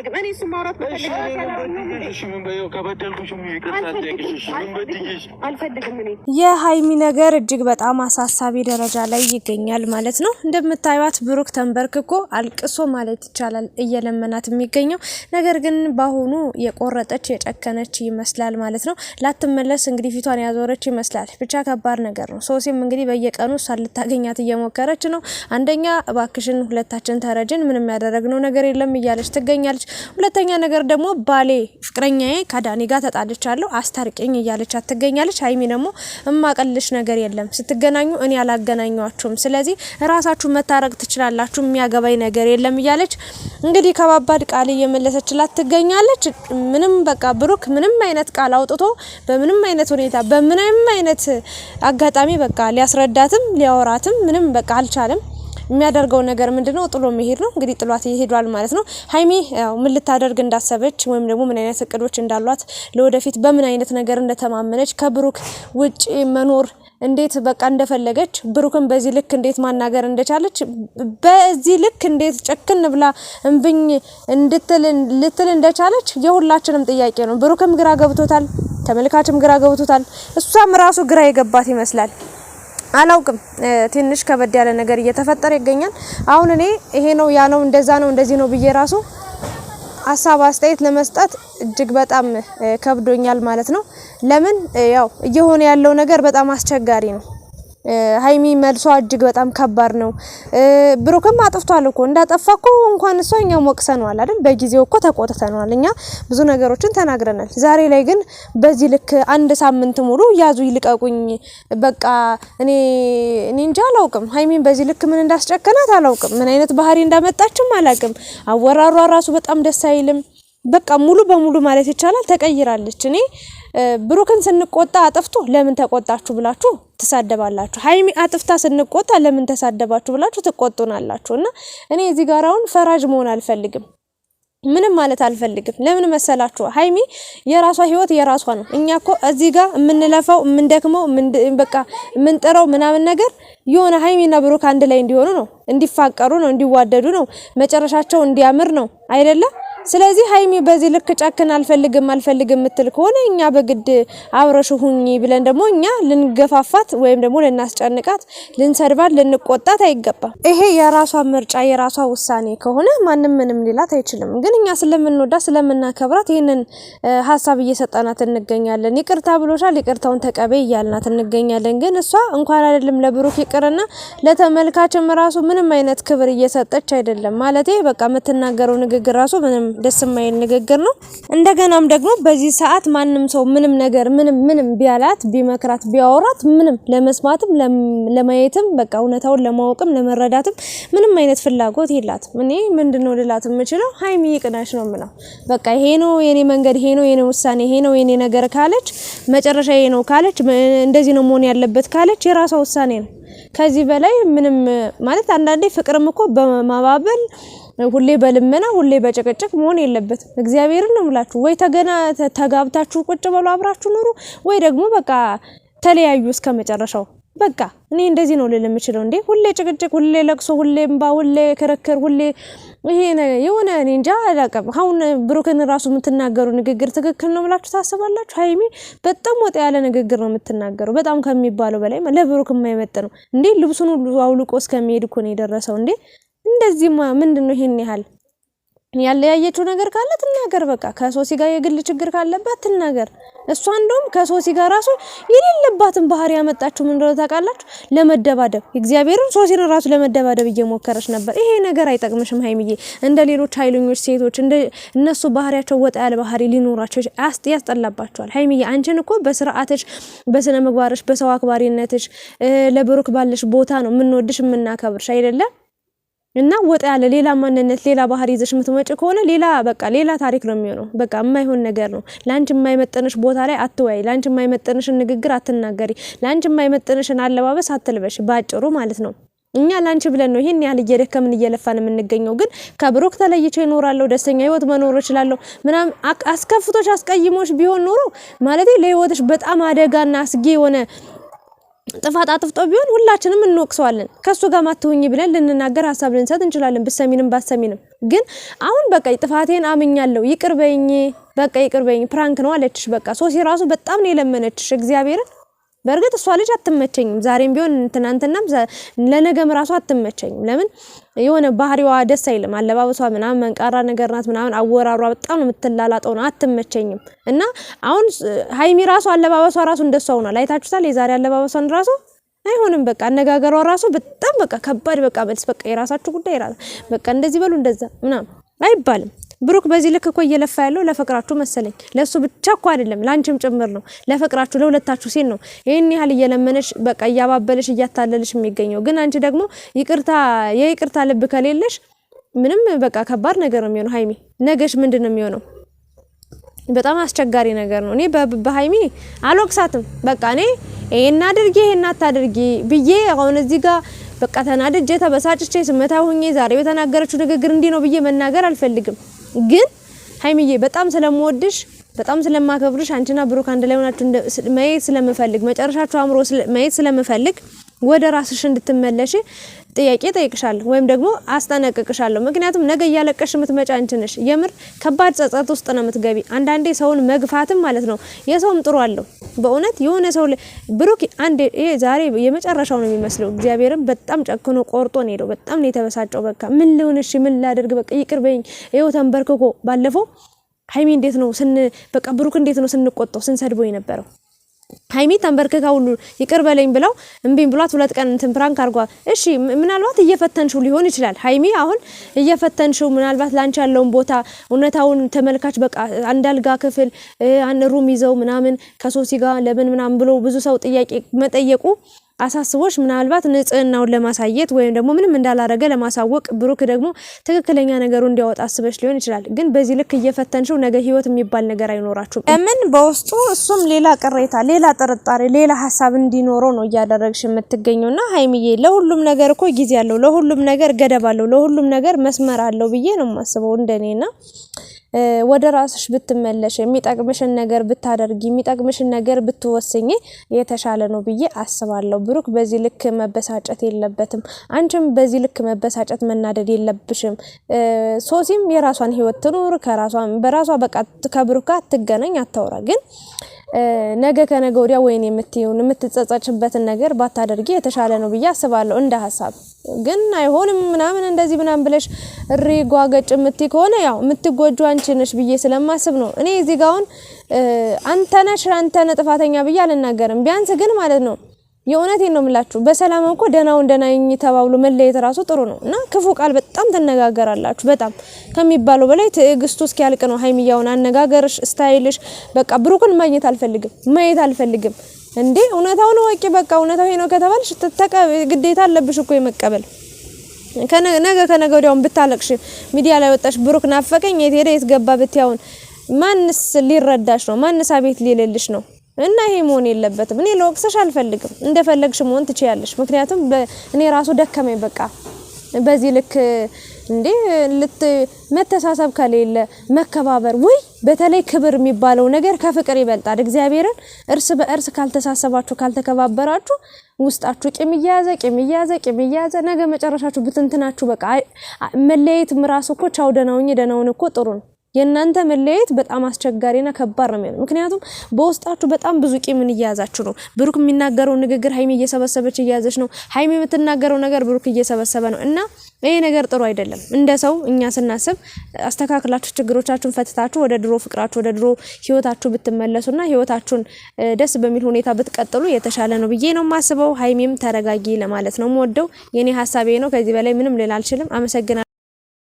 እኔ ማውራት የሀይሚ ነገር እጅግ በጣም አሳሳቢ ደረጃ ላይ ይገኛል ማለት ነው። እንደምታዩት ብሩክ ተንበርክኮ አልቅሶ ማለት ይቻላል እየለመናት የሚገኘው ነገር ግን በአሁኑ የቆረጠች የጨከነች ይመስላል ማለት ነው። ላትመለስ እንግዲህ ፊቷን ያዞረች ይመስላል። ብቻ ከባድ ነገር ነው። ሶሲም እንግዲህ በየቀኑ እሷ ልታገኛት እየሞከረች ነው። አንደኛ እባክሽን ሁለታችን ተረጅን ምንም ያደረግነው ነገር የለም እያለች ትገኛለች። ሁለተኛ ነገር ደግሞ ባሌ ፍቅረኛዬ ከዳኒ ጋር ተጣልቻለሁ አስታርቂኝ እያለች ትገኛለች። ሀይሚ ደግሞ እማቀልሽ ነገር የለም ስትገናኙ እኔ አላገናኘዋችሁም፣ ስለዚህ ራሳችሁ መታረቅ ትችላላችሁ፣ የሚያገባኝ ነገር የለም እያለች እንግዲህ ከባባድ ቃል እየመለሰችላት ትገኛለች። ምንም በቃ ብሩክ ምንም አይነት ቃል አውጥቶ በምንም አይነት ሁኔታ በምንም አይነት አጋጣሚ በቃ ሊያስረዳትም ሊያወራትም ምንም በቃ አልቻለም። የሚያደርገው ነገር ምንድነው? ጥሎ መሄድ ነው። እንግዲህ ጥሏት ይሄዷል ማለት ነው። ሀይሚ ምን ልታደርግ እንዳሰበች ወይም ደግሞ ምን አይነት እቅዶች እንዳሏት ለወደፊት በምን አይነት ነገር እንደተማመነች ከብሩክ ውጪ መኖር እንዴት በቃ እንደፈለገች ብሩክን በዚህ ልክ እንዴት ማናገር እንደቻለች በዚህ ልክ እንዴት ጨክን ብላ እምብኝ ልትል እንደቻለች የሁላችንም ጥያቄ ነው። ብሩክም ግራ ገብቶታል፣ ተመልካችም ግራ ገብቶታል፣ እሷም ራሱ ግራ የገባት ይመስላል። አላውቅም ትንሽ ከበድ ያለ ነገር እየተፈጠረ ይገኛል። አሁን እኔ ይሄ ነው ያ ነው እንደዛ ነው እንደዚህ ነው ብዬ ራሱ ሀሳብ አስተያየት ለመስጠት እጅግ በጣም ከብዶኛል ማለት ነው። ለምን ያው እየሆነ ያለው ነገር በጣም አስቸጋሪ ነው። ሀይሚ መልሷ እጅግ በጣም ከባድ ነው። ብሩክም አጥፍቷል እኮ እንዳጠፋ እኮ እንኳን እሷ እኛ ሞቅሰነዋል አይደል? በጊዜው እኮ ተቆጥተነዋል እኛ ብዙ ነገሮችን ተናግረናል። ዛሬ ላይ ግን በዚህ ልክ አንድ ሳምንት ሙሉ ያዙ ይልቀቁኝ፣ በቃ እኔ እኔ እንጂ አላውቅም። ሀይሚን በዚህ ልክ ምን እንዳስጨከናት አላውቅም። ምን አይነት ባህሪ እንዳመጣችም አላውቅም። አወራሯ ራሱ በጣም ደስ አይልም። በቃ ሙሉ በሙሉ ማለት ይቻላል ተቀይራለች። እኔ ብሩክን ስንቆጣ አጥፍቶ ለምን ተቆጣችሁ ብላችሁ ትሳደባላችሁ። ሀይሚ አጥፍታ ስንቆጣ ለምን ተሳደባችሁ ብላችሁ ትቆጡናላችሁ። እና እኔ እዚህ ጋር አሁን ፈራጅ መሆን አልፈልግም። ምንም ማለት አልፈልግም። ለምን መሰላችሁ ሀይሚ የራሷ ህይወት የራሷ ነው። እኛ እኮ እዚህ ጋር የምንለፈው የምንደክመው በቃ የምንጥረው ምናምን ነገር የሆነ ሀይሚና ብሩክ አንድ ላይ እንዲሆኑ ነው፣ እንዲፋቀሩ ነው፣ እንዲዋደዱ ነው፣ መጨረሻቸው እንዲያምር ነው አይደለም ስለዚህ ሀይሚ በዚህ ልክ ጨክን አልፈልግም አልፈልግም የምትል ከሆነ እኛ በግድ አብረሽ ሁኚ ብለን ደግሞ እኛ ልንገፋፋት ወይም ደግሞ ልናስጨንቃት፣ ልንሰድባት፣ ልንቆጣት አይገባም። ይሄ የራሷ ምርጫ የራሷ ውሳኔ ከሆነ ማንም ምንም ሊላት አይችልም። ግን እኛ ስለምንወዳት ስለምናከብራት ይህንን ሀሳብ እየሰጠናት እንገኛለን። ይቅርታ ብሎሻል፣ ይቅርታውን ተቀበይ እያልናት እንገኛለን። ግን እሷ እንኳን አይደለም ለብሩክ ይቅርና ለተመልካችም ራሱ ምንም አይነት ክብር እየሰጠች አይደለም። ማለቴ በቃ የምትናገረው ንግግር ራሱ ምንም ደስ የማይል ንግግር ነው። እንደገናም ደግሞ በዚህ ሰዓት ማንም ሰው ምንም ነገር ምንም ምንም ቢያላት ቢመክራት ቢያወራት ምንም ለመስማትም ለማየትም በቃ እውነታውን ለማወቅም ለመረዳትም ምንም አይነት ፍላጎት የላትም። እኔ ምንድነው ልላት የምችለው ሀይሚ ይቅናሽ ነው ምለው በቃ ይሄ ነው የኔ መንገድ፣ ይሄ ነው የኔ ውሳኔ፣ ይሄ ነው የኔ ነገር ካለች መጨረሻ ይሄ ነው ካለች እንደዚህ ነው መሆን ያለበት ካለች የራሷ ውሳኔ ነው። ከዚህ በላይ ምንም ማለት አንዳንዴ ፍቅርም እኮ በማባበል ሁሌ በልመና ሁሌ በጭቅጭቅ መሆን የለበትም። እግዚአብሔርን ነው ምላችሁ። ወይ ተገና ተጋብታችሁ ቁጭ በሉ አብራችሁ ኑሩ፣ ወይ ደግሞ በቃ ተለያዩ እስከ መጨረሻው። በቃ እኔ እንደዚህ ነው ልል የምችለው። እንዴ ሁሌ ጭቅጭቅ፣ ሁሌ ለቅሶ፣ ሁሌ እምባ፣ ሁሌ ክርክር፣ ሁሌ ይሄ የሆነ እኔ እንጃ አላውቅም። አሁን ብሩክን ራሱ የምትናገሩ ንግግር ትክክል ነው ብላችሁ ታስባላችሁ? ሀይሚ በጣም ወጣ ያለ ንግግር ነው የምትናገረው፣ በጣም ከሚባለው በላይ ለብሩክ የማይመጥ ነው። እንዴ ልብሱን ሁሉ አውልቆ እስከሚሄድ እኮ ነው የደረሰው። እንዴ እንደዚህማ ምንድን ነው ይሄን ያህል ያለያየችው ነገር ካለ ትናገር። በቃ ከሶሲ ጋር የግል ችግር ካለባት ትናገር። እሷ እንደውም ከሶሲ ጋር ራሱ የሌለባትን ባህሪ ያመጣችሁ ምን እንደሆነ ታውቃላችሁ? ለመደባደብ እግዚአብሔርን ሶሲን ራሱ ለመደባደብ እየሞከረች ነበር። ይሄ ነገር አይጠቅምሽም ሀይሚዬ፣ እንደ ሌሎች ኃይለኞች ሴቶች እነሱ ባህሪያቸው ወጣ ያለ ባህሪ ሊኖራቸው ያስጠላባቸዋል። ሀይሚዬ አንቺን እኮ በስርዓትሽ፣ በስነ ምግባርሽ፣ በሰው አክባሪነትሽ ለብሩክ ባለሽ ቦታ ነው የምንወድሽ የምናከብርሽ አይደለም እና ወጣ ያለ ሌላ ማንነት ሌላ ባህሪ ይዘሽ የምትመጪ ከሆነ ሌላ በቃ ሌላ ታሪክ ነው የሚሆነው። በቃ የማይሆን ነገር ነው። ለአንቺ የማይመጠንሽ ቦታ ላይ አትወያይ። ለአንቺ የማይመጥንሽን ንግግር አትናገሪ። ለአንቺ የማይመጥንሽን አለባበስ አትልበሽ። ባጭሩ ማለት ነው። እኛ ላንቺ ብለን ነው ይሄን ያህል እየደከምን እየለፋን የምንገኘው። ግን ከብሩክ ተለይቼ እኖራለሁ፣ ደስተኛ ህይወት መኖር እችላለሁ ምናምን አስከፍቶሽ አስቀይሞሽ ቢሆን ኖሮ ማለት ለህይወትሽ በጣም አደጋና አስጊ የሆነ ጥፋት አጥፍጦ ቢሆን ሁላችንም እንወቅሰዋለን። ከእሱ ጋር ማትሁኝ ብለን ልንናገር ሀሳብ ልንሰጥ እንችላለን። ብሰሚንም ባሰሚንም ግን አሁን በቃ ጥፋቴን አምኛለሁ፣ ይቅርበኝ፣ በቃ ይቅርበኝ፣ ፕራንክ ነው አለችሽ። በቃ ሶሲ ራሱ በጣም ነው የለመነችሽ እግዚአብሔርን በእርግጥ እሷ ልጅ አትመቸኝም። ዛሬም ቢሆን ትናንትናም፣ ለነገም ራሷ አትመቸኝም። ለምን የሆነ ባህሪዋ ደስ አይልም። አለባበሷ ምናምን መንቃራ ነገር ናት ምናምን፣ አወራሯ በጣም ነው የምትላላጠው፣ ነው አትመቸኝም። እና አሁን ሀይሚ ራሱ አለባበሷ ራሱ እንደሷ ሆኗል። አይታችሁታል የዛሬ አለባበሷን ራሱ አይሆንም በቃ አነጋገሯ ራሱ በጣም በቃ ከባድ በቃ መልስ በቃ የራሳችሁ ጉዳይ በቃ እንደዚህ በሉ እንደዛ ምናምን አይባልም። ብሩክ በዚህ ልክ እኮ እየለፋ ያለው ለፍቅራችሁ መሰለኝ። ለሱ ብቻ እኮ አይደለም ለአንቺም ጭምር ነው፣ ለፍቅራችሁ ለሁለታችሁ ሲል ነው ይህን ያህል እየለመነች በቃ እያባበለሽ እያታለልሽ የሚገኘው። ግን አንቺ ደግሞ ይቅርታ የይቅርታ ልብ ከሌለሽ ምንም በቃ ከባድ ነገር ነው የሚሆነው። ሀይሚ ነገሽ ምንድን ነው የሚሆነው? በጣም አስቸጋሪ ነገር ነው። እኔ በሀይሚ አልወቅሳትም። በቃ እኔ ይሄን አድርጊ ይሄን አታድርጊ ብዬ አሁን እዚህ ጋር በቃ ተናድጄ ተበሳጭቼ ስመታ ሁኜ ዛሬ በተናገረችው ንግግር እንዲህ ነው ብዬ መናገር አልፈልግም። ግን ሀይሚዬ በጣም ስለምወድሽ በጣም ስለማከብርሽ አንቺና ብሩክ አንድ ላይ ሆናችሁ ማየት ስለምፈልግ መጨረሻችሁ አምሮ ማየት ስለምፈልግ ወደ ራስሽ እንድትመለሽ ጥያቄ ጠይቅሻለሁ ወይም ደግሞ አስጠነቅቅሻለሁ። ምክንያቱም ነገ እያለቀሽ የምትመጫ አንቺ የምር ከባድ ጸጸት ውስጥ ነው የምትገቢ። አንዳንዴ ሰውን መግፋትም ማለት ነው። የሰውም ጥሩ አለው በእውነት የሆነ ሰው ብሩክ፣ አንድ ይሄ ዛሬ የመጨረሻው ነው የሚመስለው። እግዚአብሔርም በጣም ጨክኖ ቆርጦ ነው ሄደው። በጣም ነው የተበሳጨው። በቃ ምን ልሆንሽ፣ ምን ላደርግ፣ በቃ ይቅር በይኝ። ይኸው ተንበርክኮ ባለፈው ሀይሚ እንዴት ነው ስን በቃ ብሩክ እንዴት ነው ስንቆጣው ስንሰድበው የነበረው ሀይሚ ተንበርክካ ሁሉ ይቅር በለኝ ብለው እምቢኝ ብሏት ሁለት ቀን እንትን ፕራንክ አድርጓል። እሺ ምናልባት እየፈተንሽው ሊሆን ይችላል። ሀይሚ አሁን እየፈተንሽው ምናልባት ላንቺ ያለውን ቦታ እውነታውን ተመልካች በቃ አንድ አልጋ ክፍል አንድ ሩም ይዘው ምናምን ከሶሲ ጋር ለምን ምናምን ብሎ ብዙ ሰው ጥያቄ መጠየቁ አሳስቦች ምናልባት ንጽህናውን ለማሳየት ወይም ደግሞ ምንም እንዳላረገ ለማሳወቅ ብሩክ ደግሞ ትክክለኛ ነገሩ እንዲያወጣ አስበሽ ሊሆን ይችላል። ግን በዚህ ልክ እየፈተንሽው ነገ ህይወት የሚባል ነገር አይኖራችሁም። ለምን በውስጡ እሱም ሌላ ቅሬታ፣ ሌላ ጥርጣሬ፣ ሌላ ሀሳብ እንዲኖረው ነው እያደረግሽ የምትገኘውና ሀይሚዬ፣ ለሁሉም ነገር እኮ ጊዜ አለው፣ ለሁሉም ነገር ገደብ አለው፣ ለሁሉም ነገር መስመር አለው ብዬ ነው የማስበው እንደኔና ወደ ራስሽ ብትመለሽ የሚጠቅምሽን ነገር ብታደርጊ የሚጠቅምሽን ነገር ብትወስኝ የተሻለ ነው ብዬ አስባለሁ። ብሩክ በዚህ ልክ መበሳጨት የለበትም። አንቺም በዚህ ልክ መበሳጨት መናደድ የለብሽም። ሶሲም የራሷን ህይወት ትኑር። ከራሷን በራሷ በቃ ከብሩክ አትገናኝ፣ አታውራ ግን ነገ ከነገ ወዲያ ወይን የምትሆን የምትጸጸችበትን ነገር ባታደርጊ የተሻለ ነው ብዬ አስባለሁ እንደ ሀሳብ ግን አይሆንም ምናምን እንደዚህ ምናምን ብለሽ እሪ ጓገጭ የምትይ ከሆነ ያው የምትጎጁ አንቺ ነሽ ብዬ ስለማስብ ነው። እኔ እዚህ ጋውን አሁን አንተነሽ አንተነ ጥፋተኛ ብዬ አልናገርም። ቢያንስ ግን ማለት ነው የእውነቴን ነው የምላችሁ። በሰላም እኮ ደህናውን ደህናኝ ተባብሎ መለየት ራሱ ጥሩ ነው እና ክፉ ቃል በጣም ትነጋገራላችሁ። በጣም ከሚባለው በላይ ትዕግስቱ እስኪያልቅ ነው። ሀይሚያውን አነጋገርሽ፣ ስታይልሽ በቃ ብሩክን ማግኘት አልፈልግም ማየት አልፈልግም እንዴ እውነታውን ወቂ በቃ እውነታው ይሄ ነው ከተባልሽ ግዴታ አለብሽ እኮ የመቀበል። ነገ ከነገ ወዲያውን ብታለቅሽ ሚዲያ ላይ ወጣሽ ብሩክ ናፈቀኝ የት ሄደ የት ገባ ብትያውን ማንስ ሊረዳሽ ነው? ማንስ አቤት ሊልልሽ ነው? እና ይሄ መሆን የለበትም። እኔ ለወቅሰሽ አልፈልግም። እንደፈለግሽ መሆን ትችያለሽ። ምክንያቱም እኔ ራሱ ደከመኝ በቃ በዚህ ልክ እንዴ ልት መተሳሰብ ከሌለ መከባበር ወይ በተለይ ክብር የሚባለው ነገር ከፍቅር ይበልጣል። እግዚአብሔርን እርስ በእርስ ካልተሳሰባችሁ፣ ካልተከባበራችሁ ውስጣችሁ ቂም እያያዘ ቂም እያያዘ ቂም እያያዘ ነገ መጨረሻችሁ ብትንትናችሁ በቃ መለየትም ራሱ እኮ ቻው ደናውኝ ደናውን እኮ ጥሩ ነው። የእናንተ መለያየት በጣም አስቸጋሪና ከባድ ነው የሚሆነው። ምክንያቱም በውስጣችሁ በጣም ብዙ ቂምን እያያዛችሁ ነው። ብሩክ የሚናገረው ንግግር ሀይሚ እየሰበሰበች እየያዘች ነው። ሀይሚ የምትናገረው ነገር ብሩክ እየሰበሰበ ነው እና ይሄ ነገር ጥሩ አይደለም። እንደ ሰው እኛ ስናስብ አስተካክላችሁ ችግሮቻችሁን ፈትታችሁ ወደ ድሮ ፍቅራችሁ ወደ ድሮ ህይወታችሁ ብትመለሱና ህይወታችሁን ደስ በሚል ሁኔታ ብትቀጥሉ የተሻለ ነው ብዬ ነው የማስበው። ሀይሚም ተረጋጊ ለማለት ነው የምወደው። የኔ ሀሳቤ ነው። ከዚህ በላይ ምንም ልል አልችልም። አመሰግናለሁ።